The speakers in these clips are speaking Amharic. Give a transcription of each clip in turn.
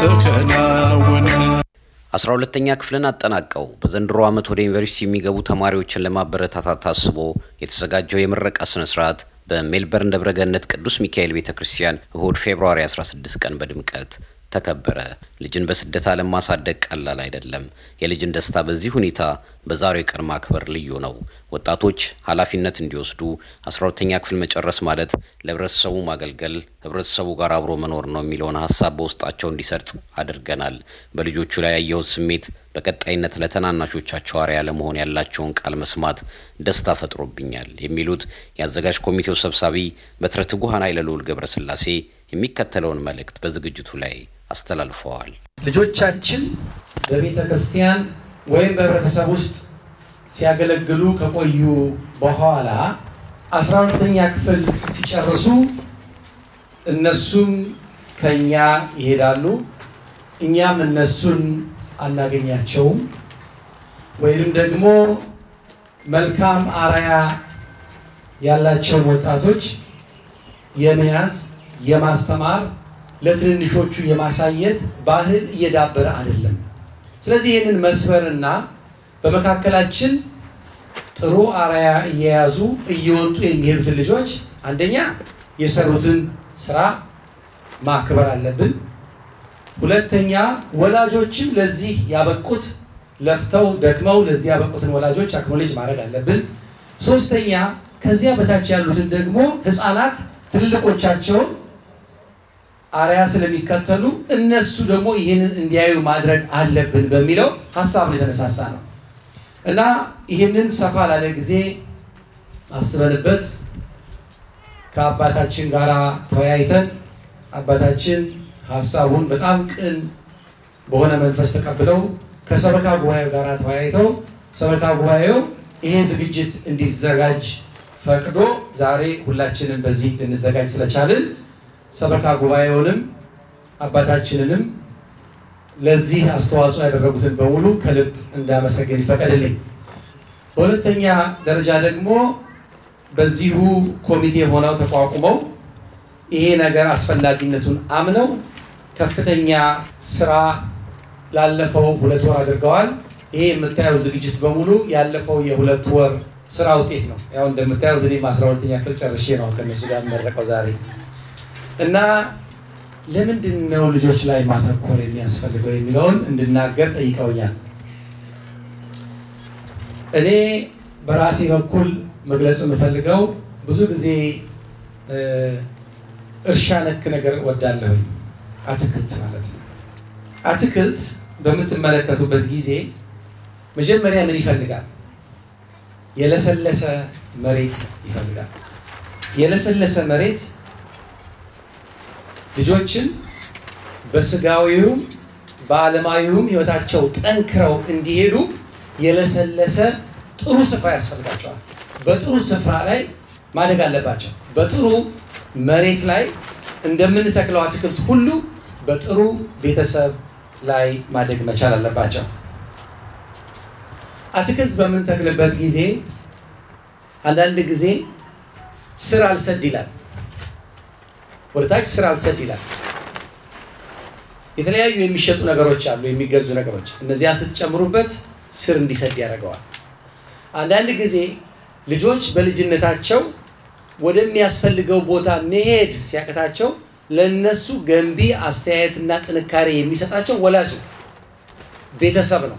ተከናወነ። አስራ ሁለተኛ ክፍልን አጠናቀው በዘንድሮ ዓመት ወደ ዩኒቨርሲቲ የሚገቡ ተማሪዎችን ለማበረታታት ታስቦ የተዘጋጀው የምረቃ ስነ ስርዓት በሜልበርን ደብረገነት ቅዱስ ሚካኤል ቤተ ክርስቲያን እሁድ ፌብርዋሪ 16 ቀን በድምቀት ተከበረ። ልጅን በስደት ዓለም ማሳደግ ቀላል አይደለም። የልጅን ደስታ በዚህ ሁኔታ በዛሬው ቀን ማክበር ልዩ ነው። ወጣቶች ኃላፊነት እንዲወስዱ አስራ ሁለተኛ ክፍል መጨረስ ማለት ለህብረተሰቡ ማገልገል፣ ህብረተሰቡ ጋር አብሮ መኖር ነው የሚለውን ሀሳብ በውስጣቸው እንዲሰርጽ አድርገናል። በልጆቹ ላይ ያየሁት ስሜት በቀጣይነት ለተናናሾቻቸው አርያ ለመሆን ያላቸውን ቃል መስማት ደስታ ፈጥሮብኛል የሚሉት የአዘጋጅ ኮሚቴው ሰብሳቢ በትረ ትጉሃን ኃይለ ልዑል ገብረስላሴ የሚከተለውን መልእክት በዝግጅቱ ላይ አስተላልፈዋል። ልጆቻችን በቤተ ክርስቲያን ወይም በህብረተሰብ ውስጥ ሲያገለግሉ ከቆዩ በኋላ አስራ ሁለተኛ ክፍል ሲጨርሱ እነሱም ከኛ ይሄዳሉ፣ እኛም እነሱን አናገኛቸውም። ወይም ደግሞ መልካም አርአያ ያላቸውን ወጣቶች የመያዝ የማስተማር ለትንንሾቹ የማሳየት ባህል እየዳበረ አይደለም። ስለዚህ ይህንን መስፈርና በመካከላችን ጥሩ አራያ እየያዙ እየወጡ የሚሄዱትን ልጆች አንደኛ የሰሩትን ስራ ማክበር አለብን። ሁለተኛ ወላጆችም ለዚህ ያበቁት ለፍተው ደክመው ለዚህ ያበቁትን ወላጆች አክኖሌጅ ማድረግ አለብን። ሶስተኛ ከዚያ በታች ያሉትን ደግሞ ህፃናት ትልልቆቻቸውን አርያ ስለሚከተሉ እነሱ ደግሞ ይህንን እንዲያዩ ማድረግ አለብን በሚለው ሀሳብ የተነሳሳ ነው እና ይህንን ሰፋ ላለ ጊዜ አስበንበት ከአባታችን ጋር ተወያይተን አባታችን ሀሳቡን በጣም ቅን በሆነ መንፈስ ተቀብለው ከሰበካ ጉባኤው ጋር ተወያይተው ሰበካ ጉባኤው ይሄ ዝግጅት እንዲዘጋጅ ፈቅዶ ዛሬ ሁላችንም በዚህ ልንዘጋጅ ስለቻልን ሰበካ ጉባኤውንም አባታችንንም ለዚህ አስተዋጽኦ ያደረጉትን በሙሉ ከልብ እንዳመሰግን ይፈቀድልኝ። በሁለተኛ ደረጃ ደግሞ በዚሁ ኮሚቴ ሆነው ተቋቁመው ይሄ ነገር አስፈላጊነቱን አምነው ከፍተኛ ስራ ላለፈው ሁለት ወር አድርገዋል። ይሄ የምታየው ዝግጅት በሙሉ ያለፈው የሁለት ወር ስራ ውጤት ነው። ያው እንደምታየው ዝኔ አስራ ሁለተኛ ክፍል ጨርሼ ነው ከነሱ ጋር የምመረቀው ዛሬ እና ለምንድን ነው ልጆች ላይ ማተኮር የሚያስፈልገው የሚለውን እንድናገር ጠይቀውኛል። እኔ በራሴ በኩል መግለጽ የምፈልገው ብዙ ጊዜ እርሻ ነክ ነገር ወዳለሁ። አትክልት ማለት ነው። አትክልት በምትመለከቱበት ጊዜ መጀመሪያ ምን ይፈልጋል? የለሰለሰ መሬት ይፈልጋል። የለሰለሰ መሬት ልጆችን በስጋዊውም በዓለማዊውም ህይወታቸው ጠንክረው እንዲሄዱ የለሰለሰ ጥሩ ስፍራ ያስፈልጋቸዋል። በጥሩ ስፍራ ላይ ማደግ አለባቸው። በጥሩ መሬት ላይ እንደምንተክለው አትክልት ሁሉ በጥሩ ቤተሰብ ላይ ማደግ መቻል አለባቸው። አትክልት በምንተክልበት ጊዜ አንዳንድ ጊዜ ስር አልሰድ ይላል። ወደ ታች ስራ አልሰጥ ይላል። የተለያዩ የሚሸጡ ነገሮች አሉ፣ የሚገዙ ነገሮች። እነዚያ ስትጨምሩበት ስር እንዲሰድ ያደርገዋል። አንዳንድ ጊዜ ልጆች በልጅነታቸው ወደሚያስፈልገው ቦታ መሄድ ሲያቅታቸው ለነሱ ገንቢ አስተያየትና ጥንካሬ የሚሰጣቸው ወላጅ ነው፣ ቤተሰብ ነው።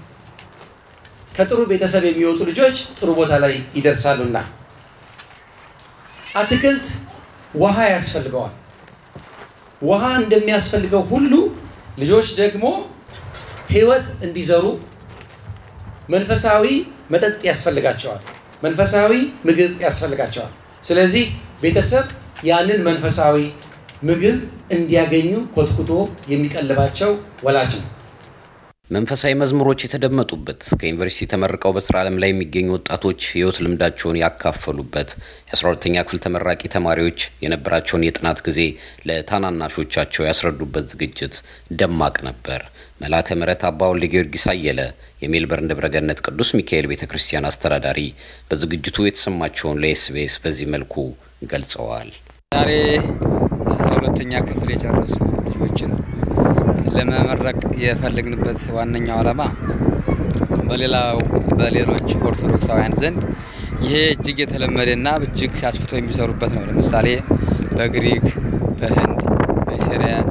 ከጥሩ ቤተሰብ የሚወጡ ልጆች ጥሩ ቦታ ላይ ይደርሳሉና አትክልት ውሃ ያስፈልገዋል። ውሃ እንደሚያስፈልገው ሁሉ ልጆች ደግሞ ህይወት እንዲዘሩ መንፈሳዊ መጠጥ ያስፈልጋቸዋል። መንፈሳዊ ምግብ ያስፈልጋቸዋል። ስለዚህ ቤተሰብ ያንን መንፈሳዊ ምግብ እንዲያገኙ ኮትኩቶ የሚቀልባቸው ወላጅ ነው። መንፈሳዊ መዝሙሮች የተደመጡበት ከዩኒቨርሲቲ ተመርቀው በስራ ዓለም ላይ የሚገኙ ወጣቶች የህይወት ልምዳቸውን ያካፈሉበት የ12ተኛ ክፍል ተመራቂ ተማሪዎች የነበራቸውን የጥናት ጊዜ ለታናናሾቻቸው ያስረዱበት ዝግጅት ደማቅ ነበር። መልአከ ምሕረት አባ ወልደ ጊዮርጊስ አየለ የሜልበርን ደብረገነት ቅዱስ ሚካኤል ቤተ ክርስቲያን አስተዳዳሪ በዝግጅቱ የተሰማቸውን ለኤስቢኤስ በዚህ መልኩ ገልጸዋል። ዛሬ 12ተኛ ክፍል የጨረሱ ለመመረቅ የፈለግንበት ዋነኛው ዓላማ በሌላው በሌሎች ኦርቶዶክሳውያን ዘንድ ይሄ እጅግ የተለመደና እጅግ አስፍቶ የሚሰሩበት ነው። ለምሳሌ በግሪክ፣ በህንድ፣ በሲሪያን፣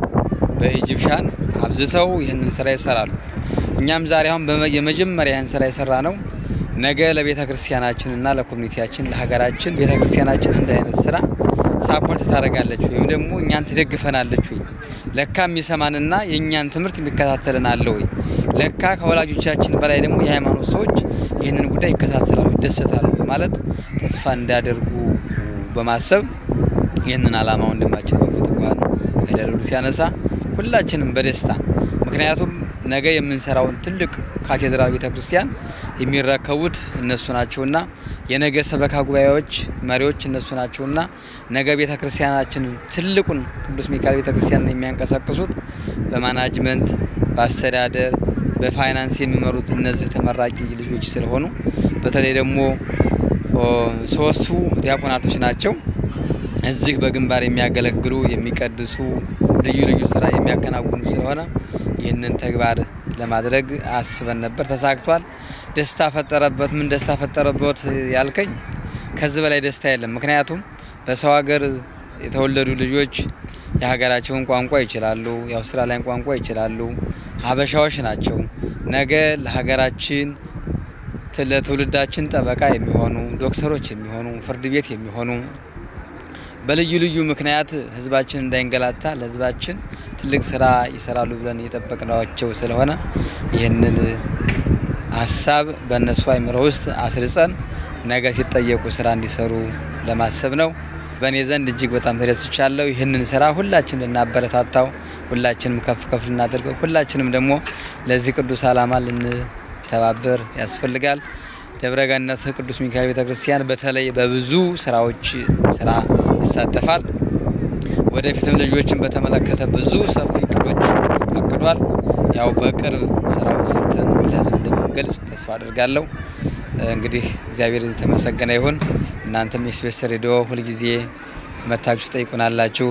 በኢጅፕሻን አብዝተው ይህንን ስራ ይሰራሉ። እኛም ዛሬ አሁን የመጀመሪያ ይህን ስራ የሰራ ነው። ነገ ለቤተ ክርስቲያናችንና ለኮሚኒቲያችን ለሀገራችን ቤተ ክርስቲያናችን እንደ አይነት ስራ ሳፖርት ታደርጋለች ወይም ደግሞ እኛን ትደግፈናለች ወይ? ለካ የሚሰማንና የእኛን ትምህርት የሚከታተልን አለ ወይ? ለካ ከወላጆቻችን በላይ ደግሞ የሃይማኖት ሰዎች ይህንን ጉዳይ ይከታተላሉ፣ ይደሰታሉ ማለት ተስፋ እንዳደርጉ በማሰብ ይህንን አላማ ወንድማችን በፎቶጓን ሲያነሳ ሁላችንም በደስታ ምክንያቱም ነገ የምንሰራውን ትልቅ ካቴድራል ቤተ ክርስቲያን የሚረከቡት እነሱ ናቸውና የነገ ሰበካ ጉባኤዎች መሪዎች እነሱ ናቸውና ነገ ቤተ ክርስቲያናችን ትልቁን ቅዱስ ሚካኤል ቤተ ክርስቲያንን የሚያንቀሳቅሱት በማናጅመንት፣ በአስተዳደር፣ በፋይናንስ የሚመሩት እነዚህ ተመራቂ ልጆች ስለሆኑ በተለይ ደግሞ ሶስቱ ዲያቆናቶች ናቸው። እዚህ በግንባር የሚያገለግሉ የሚቀድሱ ልዩ ልዩ ስራ የሚያከናውኑ ስለሆነ ይህንን ተግባር ለማድረግ አስበን ነበር፣ ተሳክቷል። ደስታ ፈጠረበት። ምን ደስታ ፈጠረበት ያልከኝ ከዚህ በላይ ደስታ የለም። ምክንያቱም በሰው ሀገር የተወለዱ ልጆች የሀገራቸውን ቋንቋ ይችላሉ፣ የአውስትራሊያን ቋንቋ ይችላሉ። ሀበሻዎች ናቸው። ነገ ለሀገራችን ለትውልዳችን ጠበቃ የሚሆኑ ዶክተሮች የሚሆኑ ፍርድ ቤት የሚሆኑ በልዩ ልዩ ምክንያት ህዝባችን እንዳይንገላታ ለህዝባችን ትልቅ ስራ ይሰራሉ ብለን የጠበቅናቸው ስለሆነ ይህንን ሀሳብ በእነሱ አይምሮ ውስጥ አስርጸን ነገ ሲጠየቁ ስራ እንዲሰሩ ለማሰብ ነው። በእኔ ዘንድ እጅግ በጣም ተደስቻለሁ። ይህንን ስራ ሁላችንም ልናበረታታው፣ ሁላችንም ከፍ ከፍ ልናደርገው፣ ሁላችንም ደግሞ ለዚህ ቅዱስ ዓላማ ልንተባበር ያስፈልጋል። ደብረ ገነት ቅዱስ ሚካኤል ቤተክርስቲያን በተለይ በብዙ ስራዎች ስራ ይሳተፋል። ወደፊትም ልጆችን በተመለከተ ብዙ ሰፊ እቅዶች አቅዷል። ያው በቅርብ ስራውን ሰርተን ለህዝብ እንደምንገልጽ ተስፋ አድርጋለሁ። እንግዲህ እግዚአብሔር የተመሰገነ ይሁን። እናንተም የኤስቢኤስ ሬዲዮ ሁልጊዜ መታችሁ ጠይቁናላችሁ።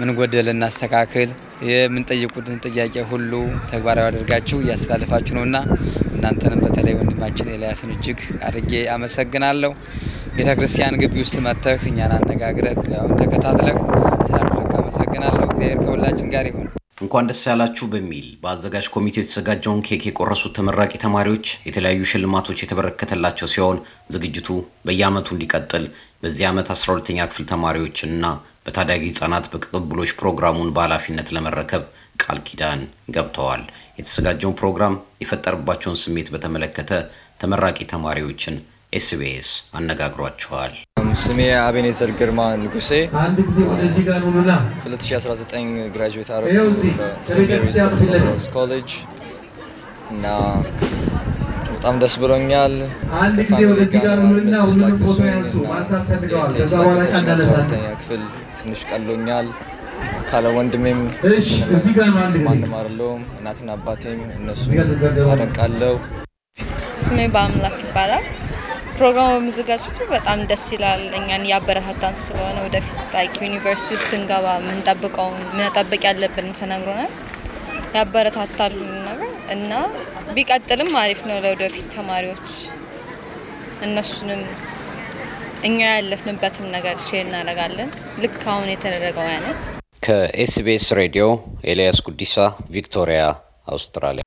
ምን ጎደል እናስተካክል፣ የምንጠይቁትን ጥያቄ ሁሉ ተግባራዊ አድርጋችሁ እያስተላለፋችሁ እና እናንተንም በተለይ ወንድማችን ኤልያስን እጅግ አድርጌ አመሰግናለሁ። ቤተ ክርስቲያን ግቢ ውስጥ መጥተህ እኛን አነጋግረህ ተከታትለህ አመሰግናለሁ። እግዚአብሔር ከሁላችን ጋር ይሁን። እንኳን ደስ ያላችሁ በሚል በአዘጋጅ ኮሚቴው የተዘጋጀውን ኬክ የቆረሱት ተመራቂ ተማሪዎች የተለያዩ ሽልማቶች የተበረከተላቸው ሲሆን ዝግጅቱ በየዓመቱ እንዲቀጥል በዚህ ዓመት 12ኛ ክፍል ተማሪዎች እና በታዳጊ ህጻናት በቅቅብሎች ፕሮግራሙን በኃላፊነት ለመረከብ ቃል ኪዳን ገብተዋል። የተዘጋጀውን ፕሮግራም የፈጠረባቸውን ስሜት በተመለከተ ተመራቂ ተማሪዎችን ኤስቢኤስ አነጋግሯቸዋል። ስሜ አቤኔዘር ግርማ ንጉሴ 2019 ግራጁዌት አረኩ ኮሌጅ እና በጣም ደስ ብሎኛል። ሰባተኛ ክፍል ትንሽ ቀሎኛል። ካለ ወንድሜም ማንም አይደለሁም። እናትና አባቴም እነሱ አደንቃለሁ። ስሜ በአምላክ ይባላል። ፕሮግራሙ በመዘጋጀቱ በጣም ደስ ይላል። እኛን ያበረታታን ስለሆነ ወደፊት ላይክ ዩኒቨርሲቲ ውስጥ ስንገባ ምንጠብቀውን ምንጠብቅ ያለብን ተነግሮናል። ያበረታታሉ ነገር እና ቢቀጥልም አሪፍ ነው ለወደፊት ተማሪዎች እነሱንም እኛ ያለፍንበትን ነገር ሼር እናደርጋለን። ልክ አሁን የተደረገው አይነት ከኤስቢኤስ ሬዲዮ ኤልያስ ጉዲሳ ቪክቶሪያ፣ አውስትራሊያ